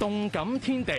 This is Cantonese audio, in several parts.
動感天地，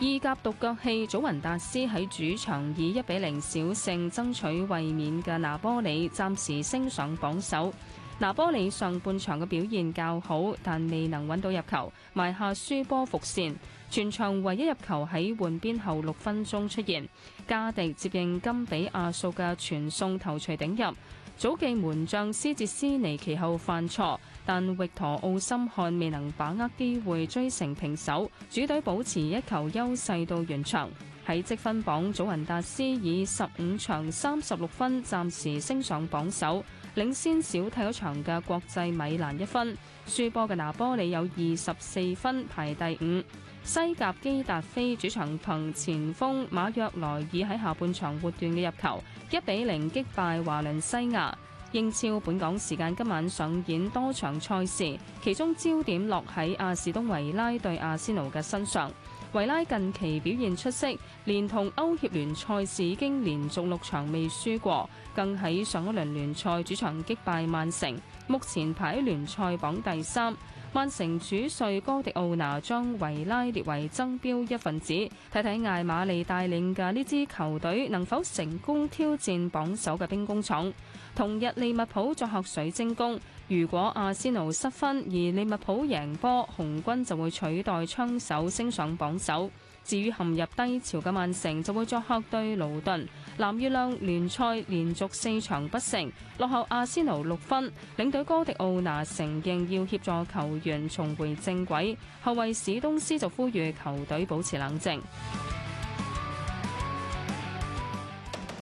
意甲獨腳戲，祖雲達斯喺主場以一比零小勝，爭取衛冕嘅拿玻里暫時升上榜首。拿玻里上半場嘅表現較好，但未能揾到入球，埋下輸波伏線。全場唯一入球喺換邊後六分鐘出現，加迪接應甘比亞素嘅傳送頭槌頂入。祖記門將斯捷斯尼其後犯錯，但域陀奧森漢未能把握機會追成平手，主隊保持一球優勢到完場。喺積分榜，祖雲達斯以十五場三十六分暫時升上榜首，領先少踢一場嘅國際米蘭一分。輸波嘅拿玻里有二十四分排第五。西甲基達菲主場憑前鋒馬約萊爾喺下半場末段嘅入球，一比零擊敗華倫西亞。英超本港時間今晚上演多場賽事，其中焦點落喺阿士東維拉對阿仙奴嘅身上。維拉近期表現出色，連同歐協聯賽事已經連續六場未輸過，更喺上一輪聯賽主場擊敗曼城，目前排喺聯賽榜第三。曼城主帥哥迪奧拿將維拉列為爭標一份子，睇睇艾馬利帶領嘅呢支球隊能否成功挑戰榜首嘅兵工廠。同日利物浦作客水晶宮。如果阿仙奴失分而利物浦贏波，紅軍就會取代槍手升上榜首。至於陷入低潮嘅曼城就會作客對勞頓。藍月亮聯賽連續四場不勝，落後阿仙奴六分。領隊哥迪奧拿承認要協助球員重回正軌，後衞史東斯就呼籲球隊保持冷靜。